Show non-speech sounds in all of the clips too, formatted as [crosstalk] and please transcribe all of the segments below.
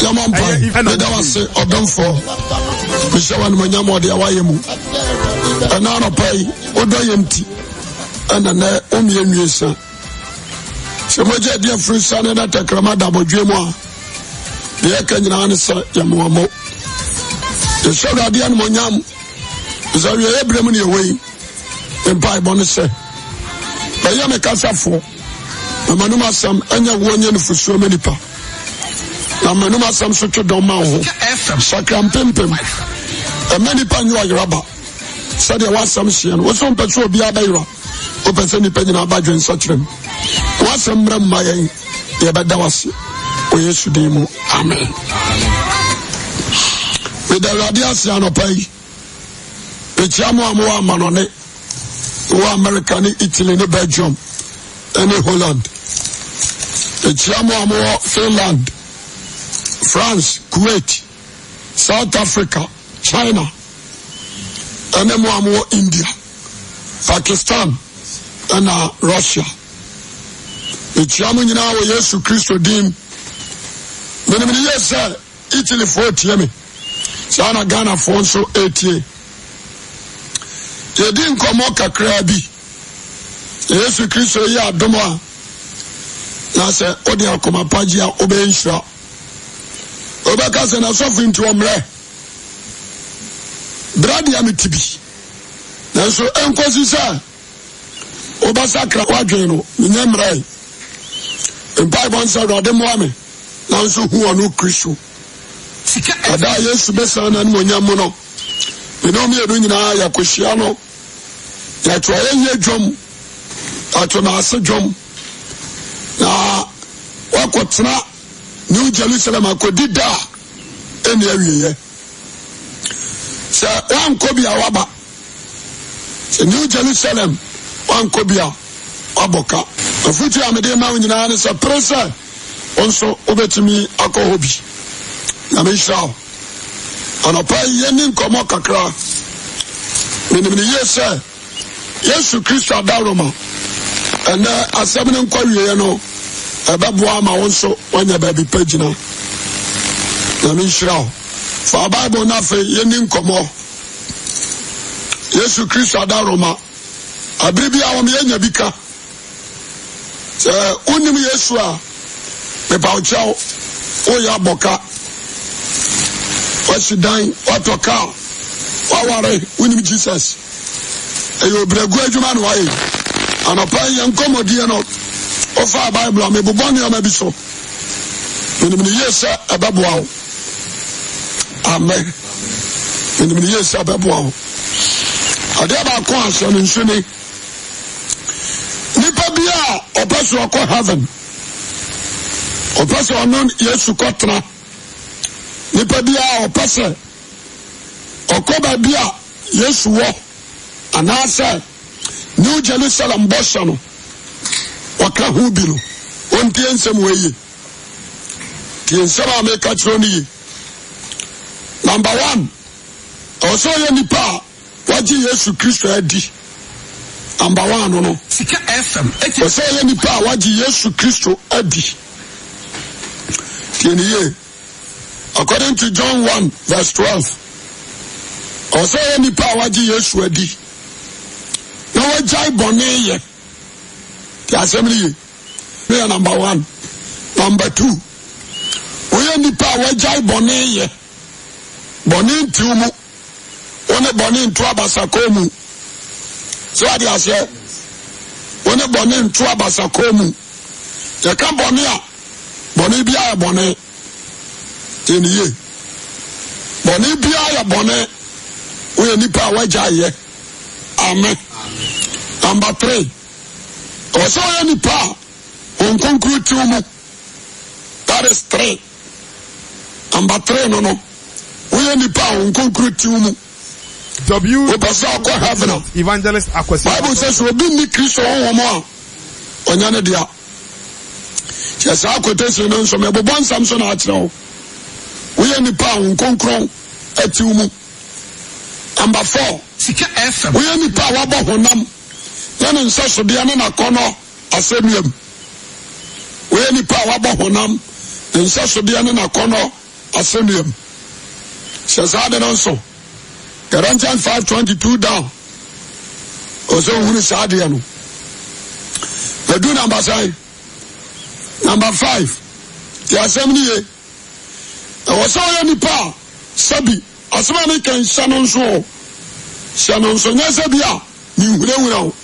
yɛma mpa meda wase ɔdɔmfoɔ mehyɛ wa nomanyam ɔde awayɛ mu ɛna anɔpayi wodɔ yɛ nti ɛna nɛ womiɛ nwiesa sɛ mogya deɛ firi sa ne na tɛkrama da abɔdwe mu a deɛ ɛka nyinaa ne sɛ yɛmoamɔ yɛhyɛ awurade anomanyam sɛ wieyɛ berɛ mu ne yɛwei mpaebɔ ne sɛ bɛyɛ me kasafoɔ na manom asɛm ɛnyɛ woɔ nyɛ nufosuo ma nipa na mmanim asɛm so twe dɔm ma wo ho sakra mpempem ɛma nipa nyɛ ɔyera ba sɛdeɛ woasɛm hyeɛ no wo sɛ sɛ obiaa bɛyera wopɛ sɛ nnipa nyinaa ba adwen sɛkyerɛ m woasɛm mmerɛ mma yɛn yɛbɛda wase wɔ yesu din mu amen meda awurade ase anɔpa yi mekyia mo a mowɔ amanɔne wɔ amerika ne italy ne belgium ne holland mekyia mo a mowɔ finland france kuwait south africa china ɛne mo a mowɔ india pakistan ɛna uh, russia mekyia mo nyinaa wɔ yesu kristo din menemene ye sɛ italyfoɔ tie me saa na ghanafoɔ nso ɛtie yɛdi nkɔmmɔ kakraa bi yesu kristo yi adom a na sɛ wode akoma pagye a wobɛnhyira obɛka sɛ nasɔfo nti ɔmmerɛ bradea me tibi nanso ɛnkɔsi sɛ wobɛsakra woadwene no menyɛ mmerɛe mpaebɔ nsɛ awurade mmoa na nso hu ɔno kristo e- ada yesu bɛsan na ne wɔnya mu no mene ɔmeyɛno nyinaa yɛkɔhyia no yɛto ɔyɛyɛ dwom ato naase dwom na wakɔtena new jerusalem akɔdi da a ɛne awieɛ sɛ woankɔ bi a woaba sɛ new jerusalem woankɔ bi a woabɔ ka afotu a mede ma wo nyinaa ne sɛ pere sɛ wo nso wobɛtumi akɔ hɔ bi na mehyira wo anɔpa yɛni nkɔmmɔ kakra menim ne yie sɛ yesu kristo adawroma ɛnɛ asɛm ne nkɔ wieɛ no ɛbɛboa ama wo nso woanya baabi pa gyina nyame nhyira wo fa bible no afei yɛni nkɔmmɔ yesu kristo ada roma abere bi a wɔm yɛnya bi ka sɛ wonim yesu a mepawkyɛ wo abɔka wasi dan watɔ kaa waware wonim jesus ɛyɛ obirɛgu adwuma ne wayɛ anɔpa yɛ nkɔmmɔdiɛ no Ofa bible a mebobɔ nneɛma bi so menim ne yie sɛ ɛbɛboa wo amen menim ne yie sɛ ɛbɛboa wo adeɛ baako ahyɛ no nso ne nnipa bi a ɔpɛ so ɔkɔ heaven ɔpɛ sɛ ɔno yesu kɔtena nnipa bi a ɔpɛ sɛ ɔkɔ baabi a yesu wɔ anaasɛ new jerusalem bɔhyɛ no ɔka ho bi no ɔntie nsɛm wɔ yie tie nsɛm a meka kyerɛ no yie number one ɛwɔ sɛ ɔyɛ nipa a wagye yesu kristo adi number one no no sika fm ɛwɔ sɛ ɔyɛ nipa a wagye yesu kristo adi tie ne yie according to john one verse twelve ɛwɔ sɛ ɔyɛ nipa a wagye yesu adi na wagyae bɔne yɛ te asɛm no ye ne yɛ number one number two woyɛ nipa a wagyae bɔne yɛ bɔne ntiw mu wo ne bɔne nto abasakɔ mu sɛ wade aseɛ wo ne bɔne nto abasakɔ mu yɛka bɔne a bɔne biara yɛ bɔne ɛniye bɔne biara yɛ bɔne woyɛ nipa a wagyae yɛ ame Namba three ɔwɔ sɛ ɔyɛ nipa a ɔnkonkuru tiw mu that is three number three no no nipa a ɔnkonkuru tiw mu wopɛ sɛ ɔkɔ heaven a bible sɛ sɛ obi nni kristo honhom a ɔnya ne dea kyɛ saa akɔtɛsie no nso mɛbobɔ nsam so na akyerɛ wo woyɛ nipa a wonkonkron atiw mu number four woyɛ nipa a wabɔ honam ne ne nsɛsodeɛ ne nakɔnɔ asɛmiam wɔyɛ nipa a wabɔ honam ne nsɛsodeɛ ne nakɔnɔ asɛmiam hyɛ saa de no nso Corinthians 5:22 down ɔsɛ ohunu saa deɛ no bɛdu namba sɛn namba 5 te asɛm ne ye ɛwɔ sɛ ɔyɛ nipa a sɛbi asɛm a ne kɛnhyɛ no nso hyɛ no nso nyɛ sɛ bi a mehunahuna wo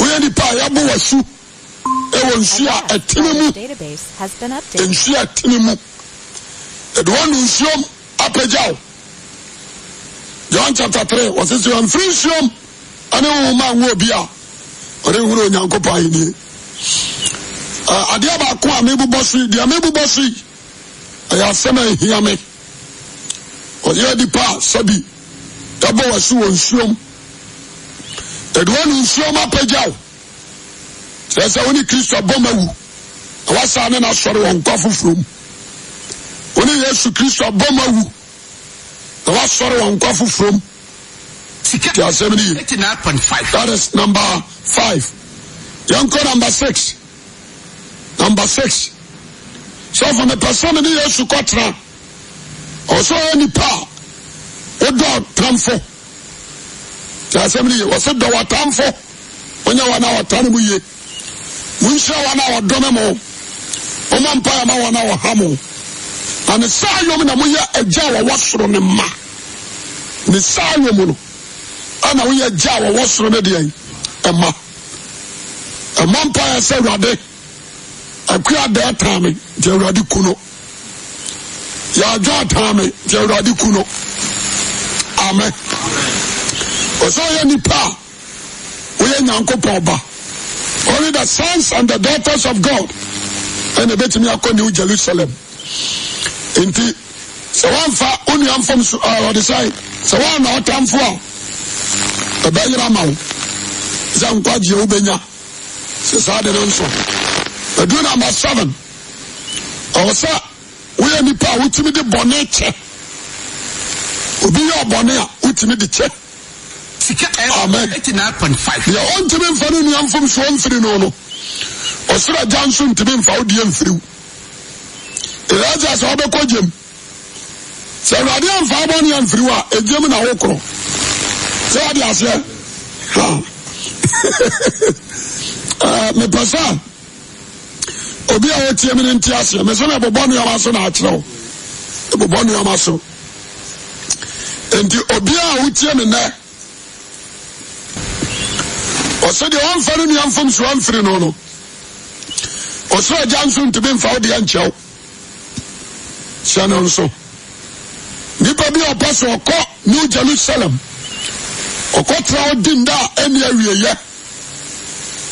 woyɛ nipa a yɛbɔ w'asu ɛwɔ nsuo a ɛtene mu nsuo a ɛtene mu ɛde no nsuom apagyaw john chapter three wɔsi sɛ ɔmfiri nsuom ɛne nwoma nwo bi a ɔde nhuru onyankopɔn ayenie adeɛ baako a mebobɔ so yi deɛ mebobɔ so yi ɛyɛ asɛm a ɛhia me ɔyɛ nipa a sɛbi yɛbɔ w'asu wɔ nsuom ɛde wɔne nsuo ma pagya wo sɛ sɛ wone kristo bɔ ma wu na woasa ne nasɔre wɔ nkwa foforom yesu kristo bɔ ma wu na woasɔre wɔ nkwa ti asɛm ne yi that is number five yɛnkɔ number six number six sɛfo mepɛ sɛ me ne yesu kɔtena ɔwɔ sɛ ɔyɛ nipa a wodɔ tamfo na asɛm no ye wɔse dɔ wɔtamfo wonyɛ wɔn a wɔtane mu ye monhyira wɔn a wɔdɔme mo ɔma mpa ama wɔn a wɔha mo na saa yom na moyɛ agya a wɔwɔ soro ne mma ne saa yom no ana woyɛ agya a wɔwɔ soro ne deɛ ɛma ɛma mpa yɛ sɛ awurade akua da ataa me nti awurade ku no yɛadwa ataa me nti awurade ku no amen ɔsɛ ɔyɛ nipa a woyɛ nyankopɔn ba only the sons and the daughters of god ɛna ɛbɛtumi akɔ new jerusalem nti sɛ woamfa wo nua mfom so ɔde sɛe sɛ woana wotamfo a ɛbɛyera ma wo sɛ nkwagyeɛ wobɛnya sɛ saa de no nso aduro number seven ɔwɔ sɛ woyɛ nipa a wotumi de bɔne kyɛ obi yɛ ɔbɔne a wotumi de kyɛ sika ɛyɛ eighty nine point five. yɛ ɔntumi nfa ne nua nfom so ɔnfiri no no ɔsoro agya nso ntumi nfa ɔdi nfiriw ɛyɛ sɛ ɔbɛkɔ gyem sɛ awurade anfa abɔ ne amfiriw a ɛgyem na wo korɔ sɛ wade aseɛ [laughs] ah, mepɛ sɛ obi a wɔtie me no nti aseɛ me so na ɛbobɔ nneɔma so na akyerɛ wo ɛbobɔ nneɔma so enti obi a wotie me nnɛ ɔsɛ deɛ ɔmfa no nua mfom so ɔmfiri no no ɔsɛ ɔgya nso ntumi mfa wo deɛ nkyɛw hyɛ no nso nnipa bi ɔpɛ sɛ ɔkɔ new jerusalem ɔkɔ tena wo di nda a ɛne awieyɛ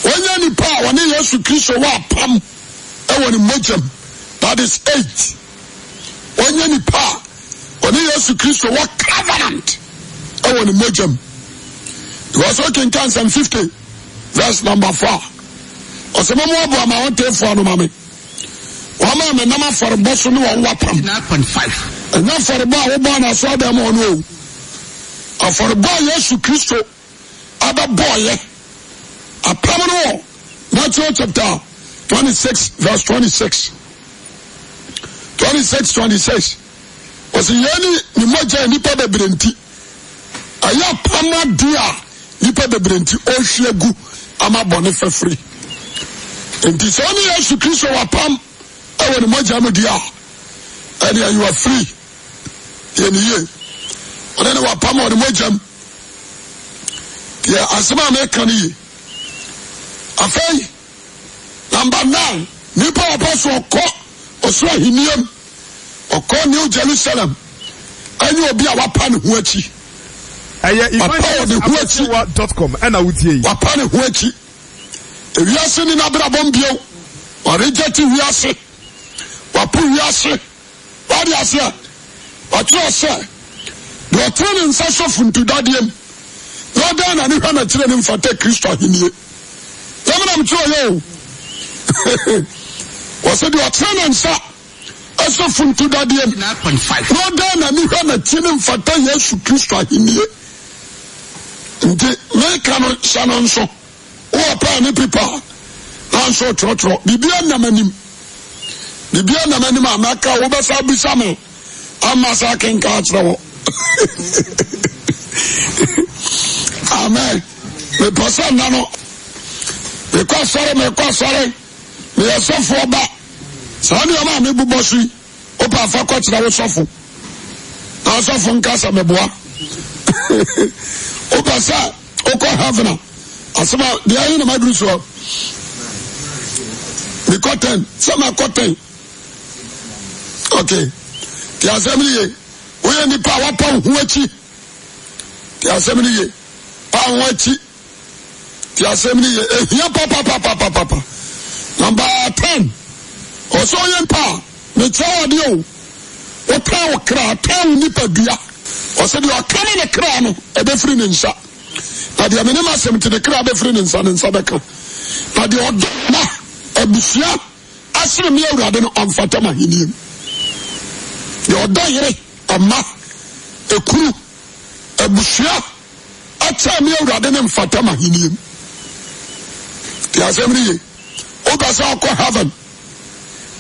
wɔnyɛ nipa a wɔne yesu kristo wɔ apam ɛwɔ ne mmɔgyam that is eight wɔnyɛ nipa a wɔne yesu kristo wɔ covenant ɛwɔ ne mmɔgyam because ɔkenka nsɛm 50 verse number four ɔsɛ mɛ mu abo ama wɔn tee fua no ma mi wɔn a mi ni afɔrebɔ so ne wɔn wapam ɛnyɛ afɔrebɔ a wɔbɔ na so ada mu ɔno o afɔrebɔ a yesu kristo abɛbɔ yɛ apam no wɔ matthew chapter twenty six verse twenty six twenty six twenty six ɔsɛ yɛn ni ne mogya nipa bebree nti ɛyɛ apam adi a nipa bebree nti ɔhwie gu ama bɔne fɛfiri nti sɛ ɔne yesu kristo wapam ɛwɔ ne mogya mu di a ɛne ayiwa firi yɛne yie ɔne ne wapam a ɔne mogya mu deɛ asɛm a meka no yie afei namba nine nipa wɔpɛ so ɔkɔ ɔsoro ahenniam ɔkɔ new jerusalem ɛne obi a wapa ne ho akyi ɛyɛ evangelistabasiwa.com ɛna wotie yi. wapa ne ho akyi ewiase ne n'abrabɔ mbiew ɔregyɛti wiase wapo wiase wade aseɛ ɔkyerɛ sɛ deɛ ɔtena ne nsa so funtudadeɛ mu na ɔdan na ne hwɛ n'akyirɛ ne mfata kristo ahenie yɛmenam kyerɛ ɔyɛ o [laughs] wɔsɛ deɛ ɔtena ne nsa ɛsɛ funtudadeɛ mu na ɔdan na ne hwɛ n'akyi ne mfata yesu kristo ahenie nti meka no hyɛ no nso wowɔ paa ne pipa nanso twerɔtwerɔ biribia nam anim biribia nam anim a mɛka wobɛsa bisa me ama sa kenka akyerɛ wɔ [laughs] amen mepɛ sɛ nna no mekɔ asɔre mekɔ asɔre meyɛ sɔfoɔ ba saa nneɔma a mebobɔ so yi wopɛ afa kɔkyerɛ wo sɔfo na sɔfo nka sɛ [laughs] wopɛ sɛ wokɔ heaven a asɛm a deɛ ayɛ nam aduru soɔ mekɔ ten sɛ makɔ ten ok nti asɛm no ye woyɛ nipa a pa wo ho akyi nti asɛm ye pa wo akyi nti asɛm no ye ehia papapapapapa namba ten ɔsɛ woyɛ mpa a mekyerɛ wɔdeɛ o wotɛn wo kra tɛn wo nipadua ɔsɛ deɛ ɔkane ne kra no ɛbɛfiri ne nsa na deɛ mene ma asɛm te ne kra bɛfiri ne nsa ne nsa bɛka na deɛ ɔdɔ ma abusua asene me awurade no ɔmfata ma heniem deɛ ɔdɔ yere ɔma ɛkuru abusua akyɛ me awurade ne mfata ma heniem deɛ asɛm no ye wobɛ sɛ ɔkɔ heaven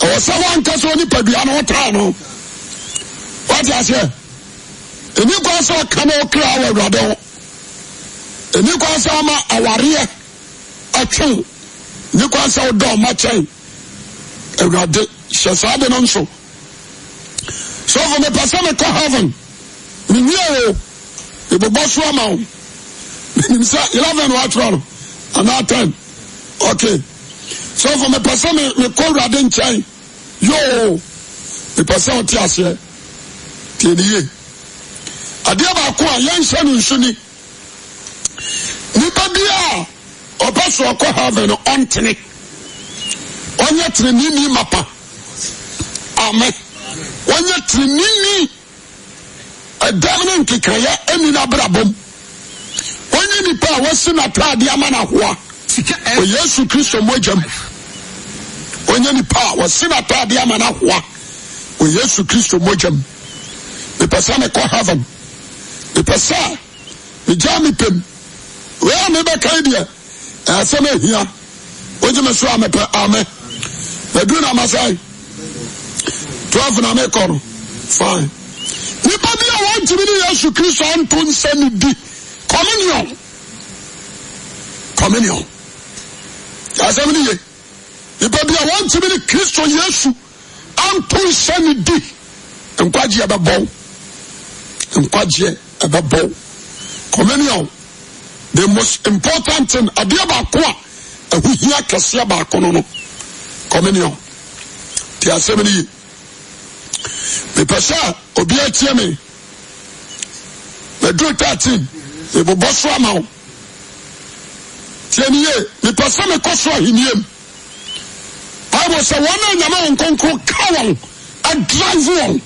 ɛwɔ sɛ woanka sɛ onipadua no wotaa no wate aseɛ ɛni kwan sɛ ɔka na ɔkra wɔ awurade ho ɛni kwan sɛ ama awareɛ atwew ni kwan sɛ wodɔ ɔma kyɛn awurade hyɛ saa de no nso sɔfo mepɛ sɛ mekɔ heaven menwie o mebobɔ so ama wo menim sɛ 11 woatwerɛ no anaa 10 okay sɔfo mepɛ sɛ mekɔ awurade nkyɛn yoo mepɛ sɛ wote aseɛ tie ne yie adeɛ baako a yɛnhyɛ no nsu ni nipa bi a ɔpɛ so ɔkɔ heaven ɔntene ɔnyɛ tirinini mapa amen ɔnyɛ tirinini ɛdɛm ne nkekrɛyɛ ɛni n'abrabom ɔnyɛ nipa a wɔsi n'ataade ama n'ahoa o yesu kristo mu agyam ɔnyɛ nipa a wɔsi n'ataade ama n'ahoa o yesu kristo mu agyam nipa sɛ ne kɔ mepɛ sɛ megyaa me pɛm wei a mebɛkae deɛ ɛyɛ sɛ mehia wogye me so a mepɛ amɛ maduru na masae 12 na mekɔ no fine nipa bi a wɔntumi ne yesu kristo anto nsa no di communion communion asɛm no ye nipa bi a wɔntumi ne kristo yesu anto nsa no di nkwagyeɛ bɛbɔw nkwagyeɛ ɛbɛbɔ communion the most important thing adeɛ baako a ɛho hia kɛseɛ baako no no communion te asɛm no yi mepɛ sɛ obia tie me maduro 13 mebobɔ so ama wo tiɛni ye mepɛ sɛ mekɔ so ahenniam bible sɛ wɔn a nyame wo nkonkro ka wɔn adrive wɔn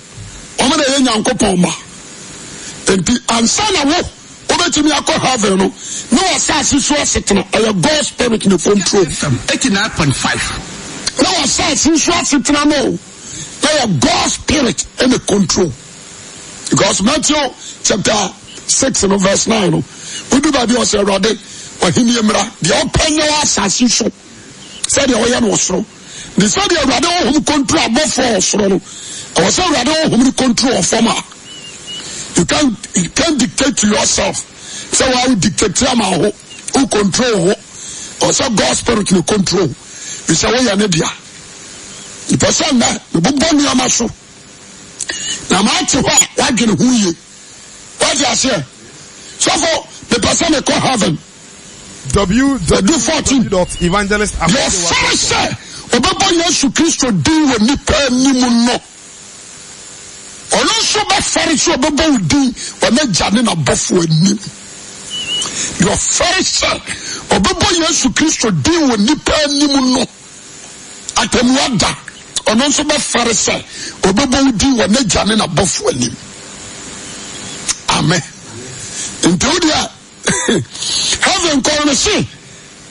ɔma na ɛyɛ nyankopɔn ma nti ansa na wo wobɛtumi akɔ havel no na wasase so asetena ɛyɛ god spirit ne control 89.5 na wasase so asetena no na yɛ god spirit ne control because matthew chapter 6 no verse 9 no wodu baabi ɔsɛ awurade ɔhenni mmara deɛ ɔpɛ nyɛ wɔ asase so sɛdeɛ ɔyɛ no ɔsoro ne sɛdeɛ awurade ɔhom control abɔfoɔ ɔsoro no ɛwɔ sɛ awurade ɔhom no control ɔfam a you can't you can't dictate to yourself So wa o dictate ama ho who control ho ɔsɛ god spirit ne control You you say eh, The person that bisɛ woyɛ ne dea nipa sɛ nnɛ mebobɔ nneɛma so na maate hɔ a woadwene ho yie woade aseɛ sɔfo mepɛ sɛ mekɔ heaven wd14 yɛsɛre sɛ ɔbɛbɔ yesu kristo din wɔ nnipa anim no ɔno nso bɛfɛre sɛ ɔbɛbɔ wo din ɔne gya ne nabɔfo anim deɛ ɔfɛre sɛ ɔbɛbɔ yesu kristo din wɔ nnipa anim no atamua da ɔno nso bɛfɛre sɛ ɔbɛbɔ wo din wɔ ne gya ne nabɔfo anim amen nti wo deɛ heaven kɔɔ no se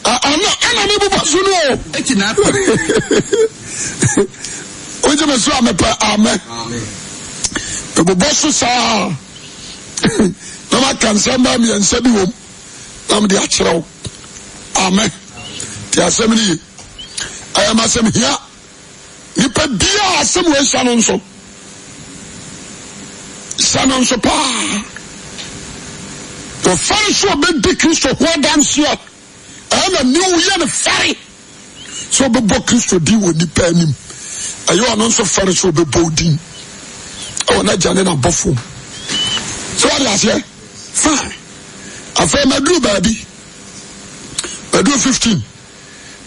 ana ana ne bobɔ so no o wogyeme so amepɛ amen, amen ɛbobɔ so saa na maka nsɛm baa mmiɛnsa bi wom na mede akyerɛ wo amɛ nti asɛm no ye ɛyɛ ma asɛm hia nipa biaa asɛm wɔahyia no nso hyia no nso paa ɔfare so ɔbɛdi kristo hoɔ danseɛ ɛyɛ na ne woyɛ no fare sɛ ɔbɛbɔ kristo din wɔ nipa anim ɛyɛ ɔno nso fare so ɔbɛbɔ din ɛwɔ n'agya ne n'abɔfo sɛ wɔde aseɛ fine afei maduru baabi maduru fifteen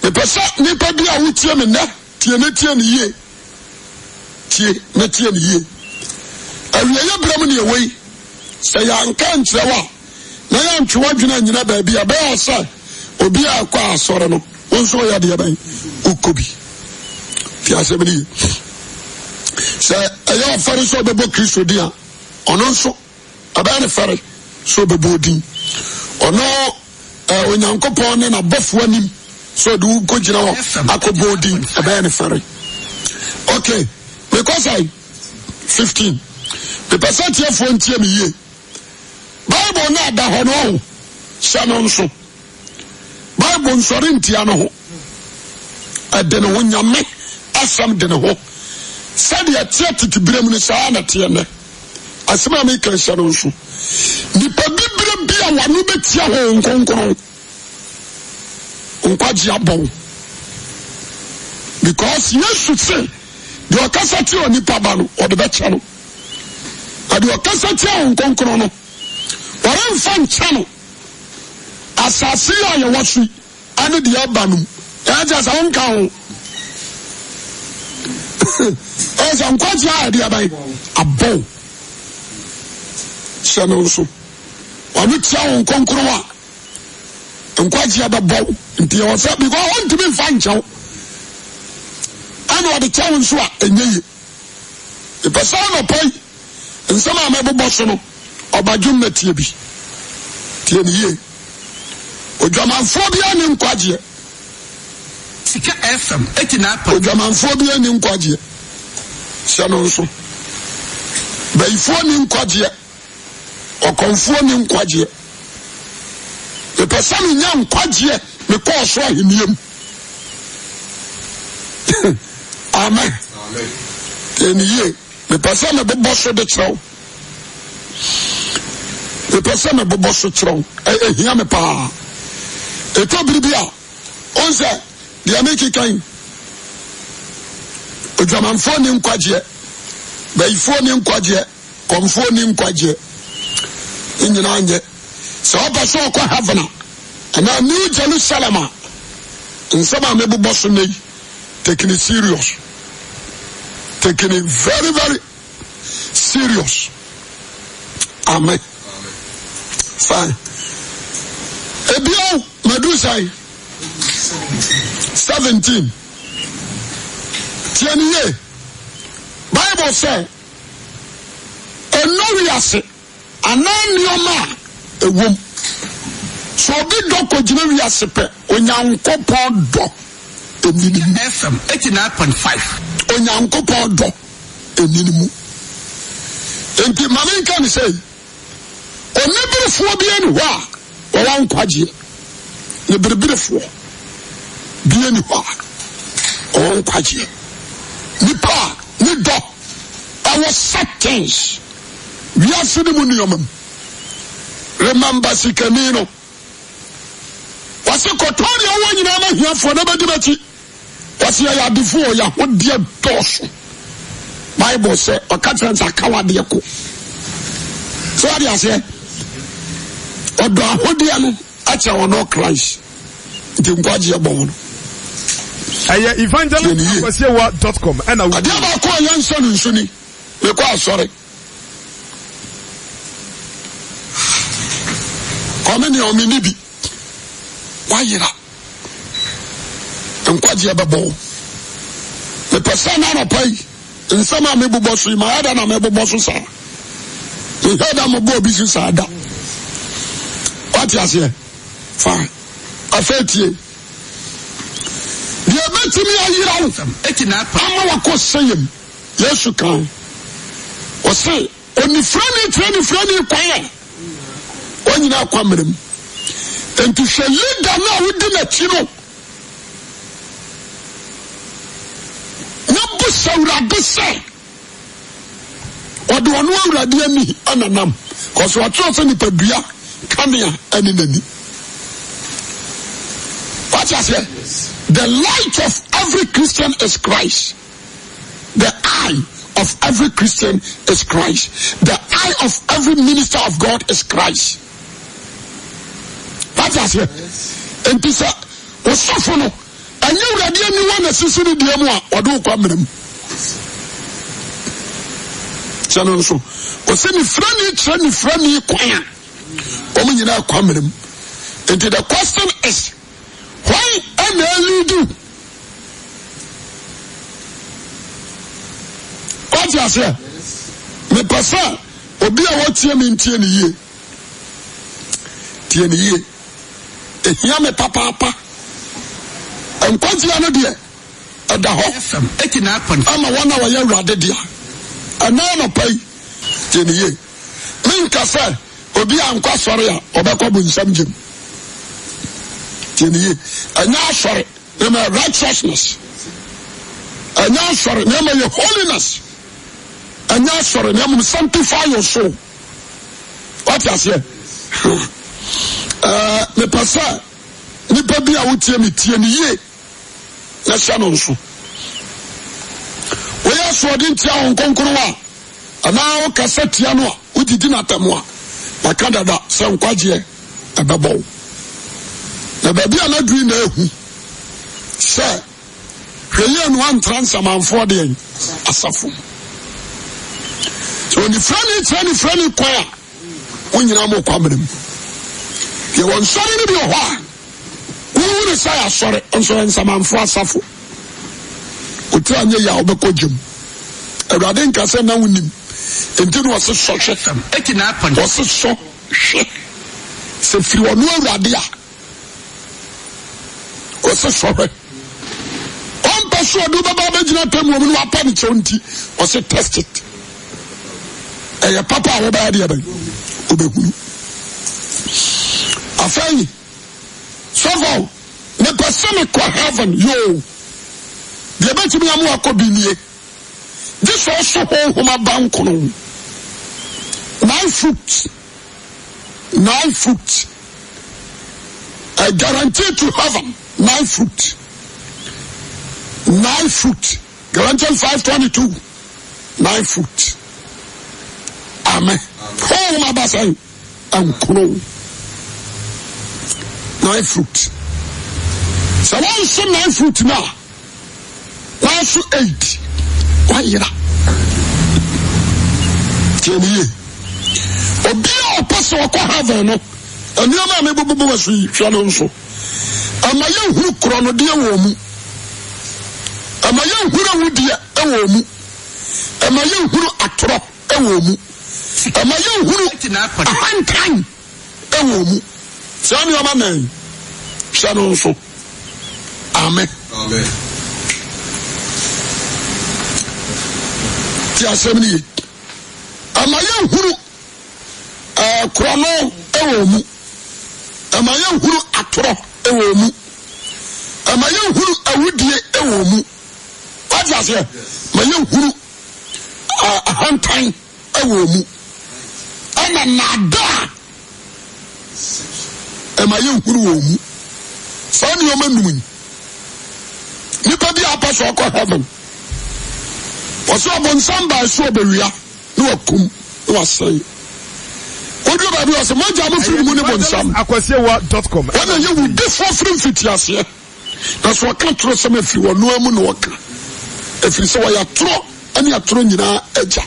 mepɛ sɛ nipa bi a wotie me nnɛ tie ne tie ne yie tie ne tie ne yie awie yɛ berɛ mu ne ɛwɔ yi sɛ yɛanka nkyerɛ wo a na yɛantwe w'adwene anyina baabi a bɛyɛ sɛ obi a ɛkɔ asɔre no wo nso yɛ deɛ bɛn wokɔ bi fiasɛm ne yie sɛ ɛyɛ ɔfɛre sɛ ɔbɛbɔ kristo din a ɔno nso ɛbɛyɛ ne fɛre sɛ ɔbɛbɔ din ɔno onyankopɔn ne nabɔfoɔ anim sɛ ɔde wo kɔgyina hɔ akɔbɔ din ɛbɛyɛ ne fɛre okay because i 15 mepɛ sɛ tiɛfoɔ ntie me yie bible no ada hɔ no ɔho hyɛ no nso bible nsɔre ntia no ho ɛde ne ho nyame asɛm de ne ho sɛdeɛ teɛ tete berɛ mu no saa na teɛ nɛ asɛm a meka hyɛ no nso nipa bibire bi a wano bɛtia hɔ nkonkron nkwagye abɔn because yesu se deɛ ɔkasa tia onipa ba no ɔde bɛkyɛ no na deɛ ɔkasa tia hɔ nkonkron no wɔremfa nkyɛ no asase a yɛwɔ so ane deɛ aba no mu ɛagya sɛ wonka ho ɛsɛ nkwakye a yɛde aban abɔw hyɛ no nso ɔno kyia wo nkronkron a nkwakye a bɛbɔw nti yɛwɔ sɛ because ɔntumi mfa nkyɛw ɛna ɔde kyɛ wo nso a ɛnyɛ ye ɛpɛ sɛ wo nɔpɛi nsɛm so no ɔbadwom na tie bi tie ne yie odwamanfoɔ biara ne nkwagyeɛ sika fm eti na apa. odwamanfoɔ bi ani nkwagyeɛ hyɛ no nso bɛyifoɔ ni nkwagyeɛ ɔkɔnfoɔ ni nkwagyeɛ epɛ sɛ mi nya nkwagyeɛ mi kɔ ɔsoro ahenia mu amen eniyie mepɛ sɛ mi [laughs] bɔbɔ so de kyerɛw mepɛ sɛ mi bɔbɔ so kyerɛw ehia mi paa eto biribi a ɔnsɛ. deɛ mekekan odwamanfoɔ ne nkwagyeɛ bayifoɔ ne nkwagyeɛ kɔmfoɔ ne nkwagyeɛ ne nyinaa nyɛ sɛ wopɛ sɛ ɔkɔ heaven a anaa new jerusalem a nsɛm a mebobɔ so nɛ yi taking it serious taking it very very serious amen fine ebi o madu sai seventeen tiẹni yie bible sẹ ẹnọwiase anan nneọma a ewom sọ obi dọ kọ gyina wiase pẹ onyankopɔn dɔ enini. fm eighty nine point five. onyankopɔn dɔ enini mu nti maame nka ne sɛ onibirifoɔ bi ɛni hɔ a wɔwɔ nkwagyeɛ ne biribifoɔ bie ni hɔ a ɔwɔ nkwagyeɛ nipa a ne dɔ ɛwɔ settings wiase ne mu nneɛma mu remember sikani no wɔsi kɔtɔɔ deɛ ɔwɔ nyinaa ma hiafoɔ na bɛdi bɛkyi wɔsi ɛyɛ adefoɔ yɛ ahodeɛ dɔɔso bible sɛ ɔka kyerɛ nsa akawadeɛ ko sɛ wade aseɛ ɔdɔ ahodeɛ no akyerɛ wɔn no christ nti nkwagyeɛ bɔ wɔn no ɛyɛ evangelistkwasiewa dot com ɛna wò. adeɛ baako a yɛn nsɔ ne nsu ni ekɔ asɔre kɔmi ni ɔmi ni bi wayira nkwagyeɛ bɛbɔ wo mepɛ sɛ na anɔpa yi nsɛm a mebobɔ so yi maayɛ da na mebobɔ so saa mehwɛ da mobɔ obi so saa da wate aseɛ fa afɛ tie tumi ayira wo ama wakɔ sɛyam yesu ka wo ɔse onifirani tiranifirani kwan a ɔnyina akɔ mmerɛ mu enti hwɛ leader no a wodi n'akyi no wabu sɛ awurade sɛ ɔde ɔno awurade ani ananam kɔsɛ wɔtwerɛ sɛ nipadua kanea ane n'ani wate aseɛ The light of every Christian is Christ. The eye of every Christian is Christ. The eye of every minister of God is Christ. That's us here. And this is wosɔfo no ɛnyɛ awurade aniwa na sisi no deɛ mu a ɔde wo kwa mmerɛm kyɛ no nso ɔsɛ nefra ne kyerɛ nefra ne kwan a ɔm nyinaa kwa mmerɛm nti the question is why n'elu du wate aseɛ mepɛ obi a me ntie ne yie tie ne yie ehia me papaapa nkwantia no deɛ ɛda hɔ ama wɔn a wɔyɛ awurade na pa yi tie yie obi a a ɔbɛkɔ bu nsɛm tieniye ɛnyɛ asɔre ɛmɛ righteousness ɛnyɛ asɔre na ɛmɛ yɛ holiness ɛnyɛ asɔre na ɛmɛ sanctify your soul wate aseɛ [laughs] ɛɛ nipa sɛ nipa bi a wotie mi tieniye na hyɛ no nso woyɛ asoɔden tia wɔn nkonkorowa anaa wokasa tia no a wodidi n'atamu a waka dada sɛ nkwagyeɛ ɛbɛbɔ wo na baabi a n'aduru na ehu sɛ hwɛyie no antra nsamanfoɔ deɛ asafo sɛ onifra ne kyerɛ nifra ne kwan a wɔn nyinaa mo kwan mu yɛwɔ nsɔre no bi wɔ hɔ a wɔn ne sɛ asɔre nso nsamanfoɔ asafo otira nye yɛ a wɔbɛkɔ gyem awurade nkasa na wonim nti na wɔsi sɔ hwɛ wɔsi sɔ hwɛ sɛ firi wɔn no awurade a se sɔhwɛ ɔmpɛ so ɔde wobɛba bɛgyina tamuom no wapa ne kyɛw nti ɔse test it ɛyɛ papa a wobɛyɛ deɛ bɛn wobɛhunu afei sɔfo mepɛ sɛ mekɔ heaven yoo deɛ bɛtumi ama wakɔ bi nie gye sɛ ɔso honhom aba nkono nine fruit nine fruit I guarantee to heaven nine fruit, nine fruit. Galatians five twenty two nine fruit. amen fóònù máa bá sẹ́yìn ẹnkúrò nine foot sọ wọn sọ nine fruit náà wọn sọ eight wọn yẹra tiẹ̀ nìyẹn obi a ọ̀pọ̀ sọ ọkọ̀ harvard no ẹ̀nìyàn máa mi gbogbo wọ̀ sí ìfẹ́ ló ń sọ ama yɛnhunu korɔnodeɛ wɔ mu ama yɛnhunu awudeɛ wɔ mu ama yɛnhunu atorɔ wɔ mu ama yɛnhunu ahantan wɔ mu saa nneɛma nan hyɛ no nso amen ti asɛm no ye ama yɛnhunu korɔno wɔ mu ama yɛnhunu atorɔ wɔ mu ɛma yɛnhunu awudie wɔ mu wate aseɛ ma yɛnhunu ahantan wɔ mu ɛna nada a ɛma yɛnhunu wɔ mu saa nneɛma num yi nipa bi a apɛ sɛ ɔkɔ heaven wɔsɛ ɔbɔnsam baa so ɔbɛwia ne wakum ne wasɛe kodu baabi ɔsɛ mɔgya mo firi mu ne bɔ nsam wɔna yɛ wo difo firi mfitiaseɛ na so ɔka toro sɛm afiri wɔ noa mu na wɔka ɛfiri sɛ wɔyɛ atorɔ ɛne atorɔ nyinaa agya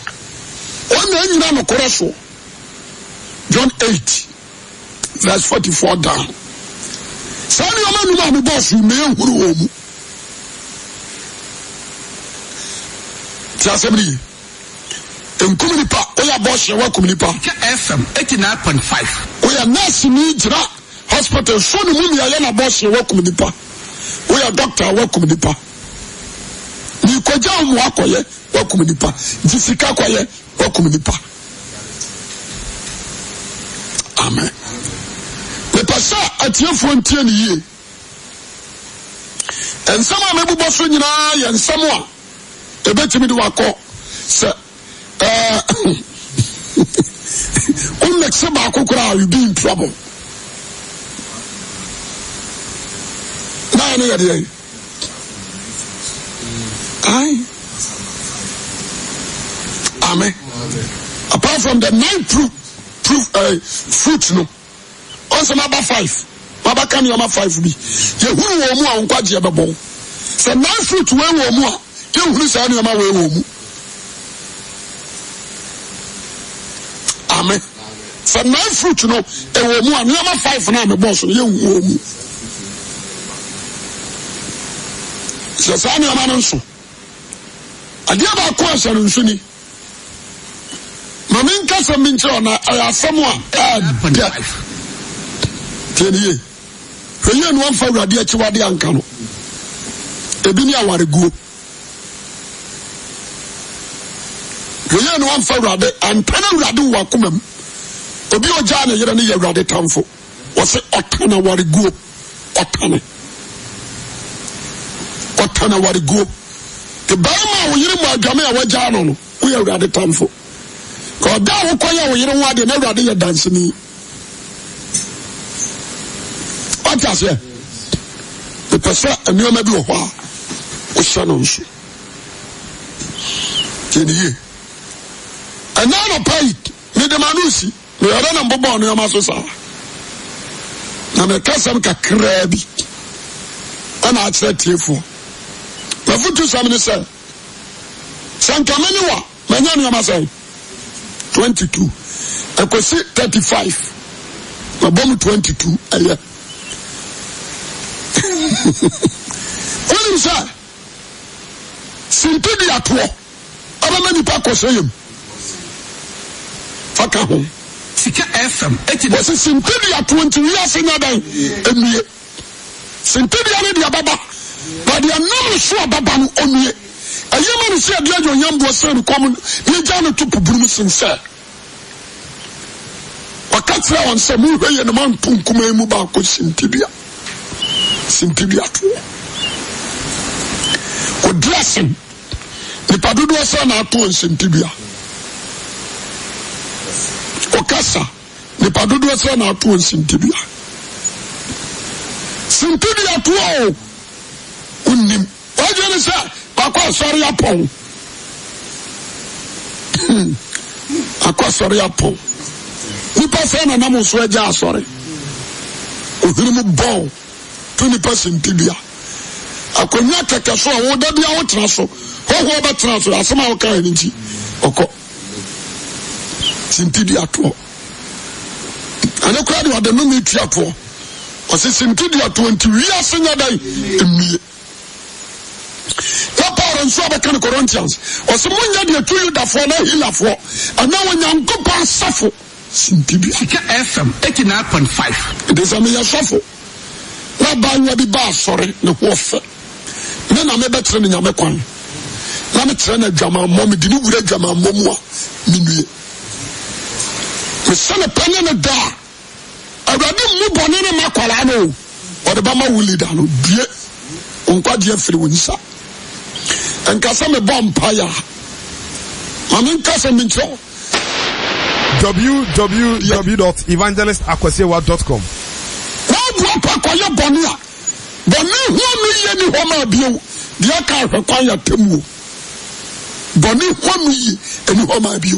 wɔna anyina nokorɛ soɔ john 8 verse 44 down saa nneɔma num a mebɔɔ so mmea nhuru wɔ mu tiasɛm ne yi nkum nipa woyɛ bɔhyɛ woakum nipa fm five. woyɛ nurse mi gyina hospital so ne mu miayɛ na bɔhyɛ woakum nipa woyɛ doctor woakum nipa nikɔgya mmoa kɔyɛ woakum nipa gye sika kɔyɛ woakum nipa amen mepɛ sɛ atiefoɔ ntie ne yie nsɛm a mɛbobɔ so nyinaa yɛ nsɛm a ɛbɛtumi de wakɔ sɛ o make sure baako koraa you be in trouble. báyìí ni yẹ deɛ ayi amen apart from the nine fruit, proof uh, eh, fruit no ɔsɛ n'aba five n'aba ka nneɛma five bi yehuru wɔn mu a nkwagyeɛ bɛ bɔ sɛ nine fruit wei wɔ mu a yehuru saa nneɛma wei wɔ mu. maame sɛ nine fruit no ɛwɔ mu a nneɛma five na mebɔ so no yɛnwuo mu sɛ saa nneɛma no nso adeɛ baako a sɛ no nso ni maame nka sɛ bi nkyerɛ ɔna ɛyɛ asɛm a ɛɛdɛ tiɛniye ɛyɛ no wɔmfa awurade akyiwadeɛ anka no ebi ne awareguo yɛyɛ no wamfa awurade ɛmpɛ no awurade wɔ akoma mu obi ɔgyaa ne yerɛ no yɛ awurade tamfo wɔse ɔtane awareguo ɔtane ɔtane awareguo barima a woyere mu adwame a wagyaa no no woyɛ awurade tamfo ka ɔda a wokɔyɛ wo yere ho adeɛ na awurade yɛ danseni ɔte aseɛ mepɛ sɛ nneɔma bi wɔ hɔ a wohyɛ no nso yɛneye ɛnɛ anɔpa yi mede ma no si meyɛdɛ na mbobɔ nneɛma so saa na mekasɛm kakraa bi ɛna akyerɛ tiefoɔ mafotu sɛm ne sɛ sɛ nka mene wa manya nneɛma [laughs] sɛ 22 ɛkɔsi 35 mabɔ mu 22 ɛyɛ wonim sɛ sinti di atoɔ ɛbɛma nipa kɔ sɛ yam faka ho sika fm wɔsi sintidia twenty years nya dan e, emie sintidia ne deɛ baba na deɛ nam so a baba no onue ɛyɛ ma no sɛ ɛdeɛ yɛ onyam boɔ sɛ nekɔm ne gya no to puburum sen sɛ wɔka kyerɛ wɔn sɛ mohwɛ yɛ no ma nto nkuma yi mu baakɔ sintidia sintidia toɔ wɔdrɛsen nipa dodoɔ sɛ naatoɔ nsintibia ɔkasa nipa dodoɔ sɛ na ato nsintibea sintibea toa o onim wagye ne sɛ wakɔ asɔre apɔn akɔ asɔre apɔn hmm. nipa sɛ na nam so agya asɔre ohirim bɔn to nipa sintibea akonnwa kɛkɛ so a woda bia wotena so hɔhoɔ bɛtena so asɛm a wokaɛ no nti ɔkɔ sinti di atoɔ ɛne kora de wade nome tu atoɔ ɔse sinti di atoɔ nti wiase nya dan mmie na paul nso a bɛka ne corinthians ɔse monyɛ deɛ tu yudafoɔ na hilafoɔ anaa onyankopɔn asafo sinti bi sika fm 89.5 ɛde sɛ meyɛ sɔfo na baa nya bi baa sɔre ne ho ɔfɛ ne na mebɛkyerɛ no nyame kwan na mekyerɛ no adwamammɔ mede ne wura adwamammɔ mu a menue sɛne pɛne ne da a awurade mu bɔne ne ma kwalaa no o ɔde bɛma wo leader no due nkwagye afiri wo nsa nka sɛ mebɔ mpayɛ a ma menka sɛ menkyerɛ www.evangelistacosiewa.com waadua pa kɔyɛ bɔne a bɔne ho no yie ne hɔ ma bio deɛ ka ahwɛ kwan yɛ atemmuo bɔne ho no yie ani hɔ ma bio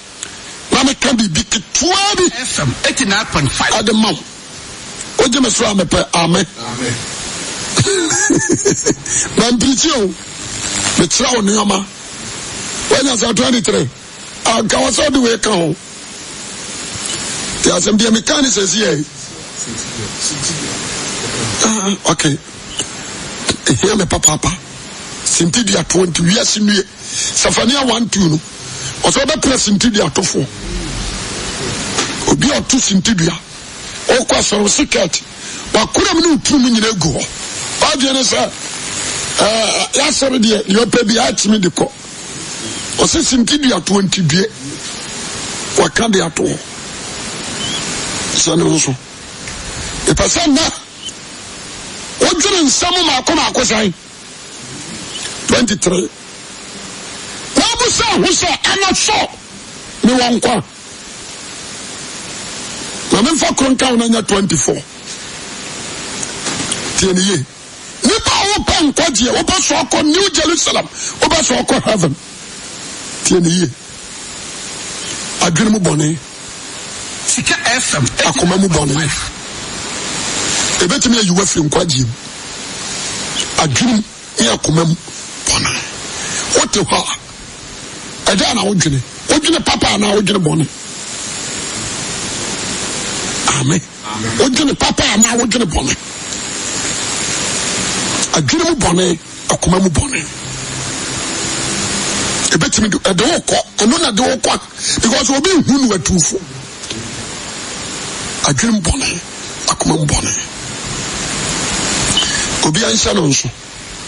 na meka biribi ketewa bi ade ma wo wogye me soro a mepɛ ame [laughs] na mpirikyi o mekyerɛ wo nneɔma woanya sa 23 anka wɔ sɛ wode wei ka ho nti asɛm deɛ meka ne sɛsiɛ ah, ah, ok ɛhia me papaapa sintidua 20 wiase nnue safania 12 no ɔsɛ wobɛtena sintidua atofoɔ obi a ɔto sintidua ɔkɔ asɔre sikɛt wakora mu ne wotumu nyina gu hɔ wadwene ne sɛ yɛasɔre deɛ deɛ ɔpɛ bi akyimi de kɔ ɔsɛ sintidua toɔ ntidue waka de ato hɔ sɛ ne nso ɛpɛ sɛ nna wodwene nsɛm maako maako sɛn 23 mu sɛ ho sɛ ɛna so ne wɔ nkwa na memfa koro nka wo no anya 24 tie ne ye nipa a wopɛ nkwagyeɛ wopɛ sɛ ɔkɔ new jerusalem wopɛ sɛ ɔkɔ heaven tie ne ye adwene mu bɔne sika fm akoma mu bɔne ɛbɛtumi ayiwa firi nkwagyeɛ mu adwene mu ne akoma mu bɔne wote hɔ a ɛdɛ na wodwene wodwene papa na wodwene bɔne ame wodwene papa anaa wodwene bɔne adwene mu bɔne akoma mu bɔne ɛbɛtumi ɛde wo kɔ ɛno na de wo kɔ because obi hu no atufo adwene mu bɔne akoma mu bɔne obi anhyɛ no nso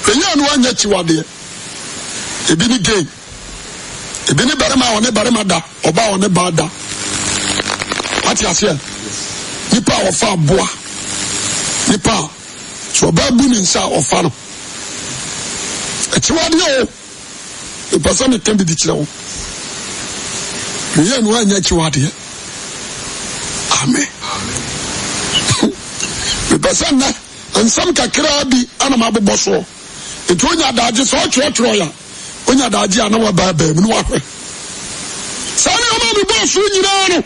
ɛyɛ no woanyɛ kyiwadeɛ ebi ebi ne barima a ɔne barima da ɔbaa a ɔne baa da wate aseɛ nipa a ɔfa aboa nipa a sɛ ɔbaa bu ne nsa a ɔfa no akyiwadeɛ o nipa sɛ ne tɛn bi di kyerɛ wo meyɛ no anyɛ akyiwadeɛ amen mepɛ [laughs] sɛ nnɛ nsɛm kakraa bi ana mabobɔ soɔ nti wonya adagye sɛ ɔtwerɛtwerɛ yɛ a wonya daagye a na wabaa baamu ne wahwɛ saa ne ɔma me bɔɔso nyinaa no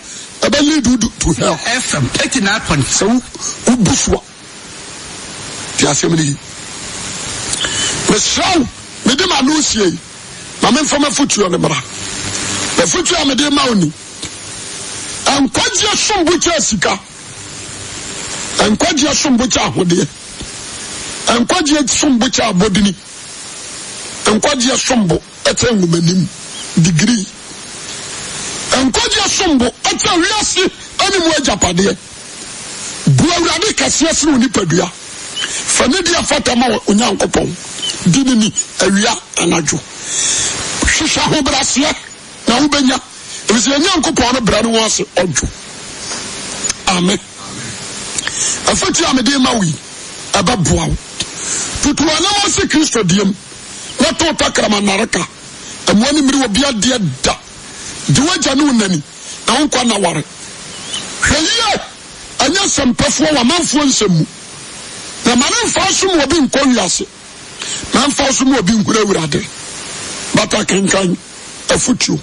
ɛbɛle de wodu to hell fm 39 sɛ wobu soa nti asɛm no yi mesrɛ wo mede ma no sie yi ma memfa mafotuo ne mmara mafotuo a mede ma wo ni nkwagyeɛ som kyɛ sika nkwagyeɛ som kyɛ ahodeɛ nkwagyeɛ som kyɛ abɔdini nkwagyeɛ sombo ɛkyɛ nwomanim digrii nkwagyeɛ sombo ɛkyɛ wiase animu agyapadeɛ bua awurade kɛseɛ sene wo nipadua fa ne deɛ fata ma onyankopɔn di ne ni awia anadwo hwehwɛ ahobraseɛ na wobɛnya ɛfisɛ ɛnyankopɔn no bra ne ho ase ɔdwo Amen. afatu a mede ma wo yi ɛbɛboa wo tutuanam ase kristo deɛ mu bɛtɔ tɔ karama nareka ɛmoa ne mmiri wɔ bi adeɛ da de wagya ne wonani na na ware hwɛ yie ɛnyɛ sɛmpɛfoɔ wɔ amanfoɔ nsɛm mu na ma ne mfa so mu nkɔ wiase na mfa so mu obi nhura awurade bata kenkan afotuo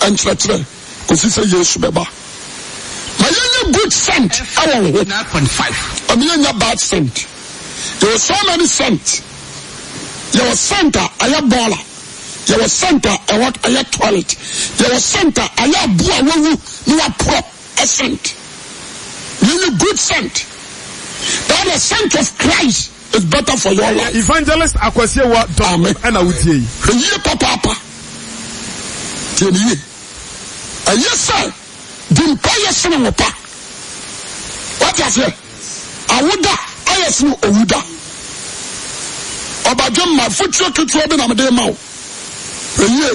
ɛnkyerɛkyerɛ kɔsi sɛ yesu bɛba ma yɛnyɛ good scent ɛwɔ wo ho ɛmeyɛnya bad scent there were so many scent yɛwɔ center ɛyɛ bɔɔla yɛwɔ center ɛwɔ ɛyɛ toilet yɛwɔ center ɛyɛ aboa wɔwu ne waporɔ ɛsent yɛyɛ good scent but the scent of Christ is better for your life. evangelist akwasiwa dɔm ɛna wotie yi. eyi papaapa tie ni yie ɛyɛ sɛ dimpa yɛ sene wɔ pa wɔte aseɛ awoda ayɛ sene owuda ɔbadwe ma fotuo ketewa bi na mede ma wo ɛyie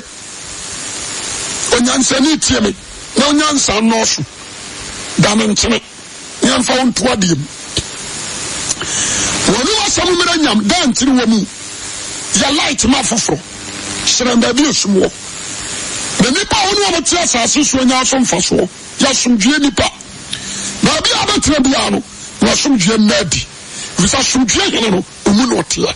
onyansani tie me na onyansa nnɔɔso da ne nkyene yɛmfa wo ntoa deɛ mu wɔne wasɛm mmerɛ nyam da nkyere wɔ mu yɛ light ma afoforɔ hyerɛn baabi asum wɔ na nnipa a wɔne wɔmote asase so anya so mfasoɔ yɛasomdwue nnipa baabi a bɛtena biara no na wasomdwue nna adi ɛfisɛ asomdwue hene no ɔmu na ɔteɛ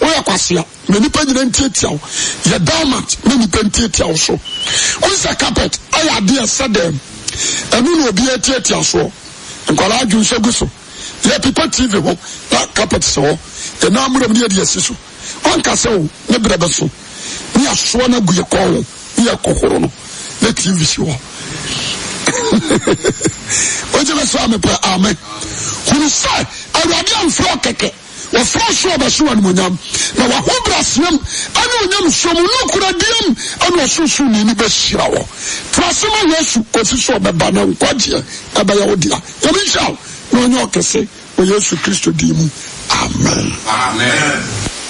woyɛ kwasea na nipa nyina ntiatia wo yɛ diamond na nipa ntiatia wo so wohu sɛ carpet ayɛ adeɛ sɛ dɛm ɛno na obiaa tiatia soɔ nkwadaa adwene hyɛ gu so yɛpepa tv hɔ na carpet sɛ hɔ yɛna mmerɛm ne yɛde asi so wanka sɛ wo ne berɛ bɛ so ne yɛsoɔ no agu yɛ kɔn wo ne yɛkɔhoro no na tv si hɔ wogye [laughs] bɛ so a mepɛ hunu sɛ awurade amfrɛ ɔkɛkɛ wɔfra so ɔbɛso wa nimonyam na waho braseɛm ɛne onyam som ne nkoradiam ɛne ɔsoso ne ni bɛhyira wɔ trase ma yesu kɔsi so ɔbɛba na nkwagyeɛ ɛbɛyɛ wo dea yɛmenhyɛw na ɔnyɛ ɔkɛse wɔ yesu kristo din mu amen, amen.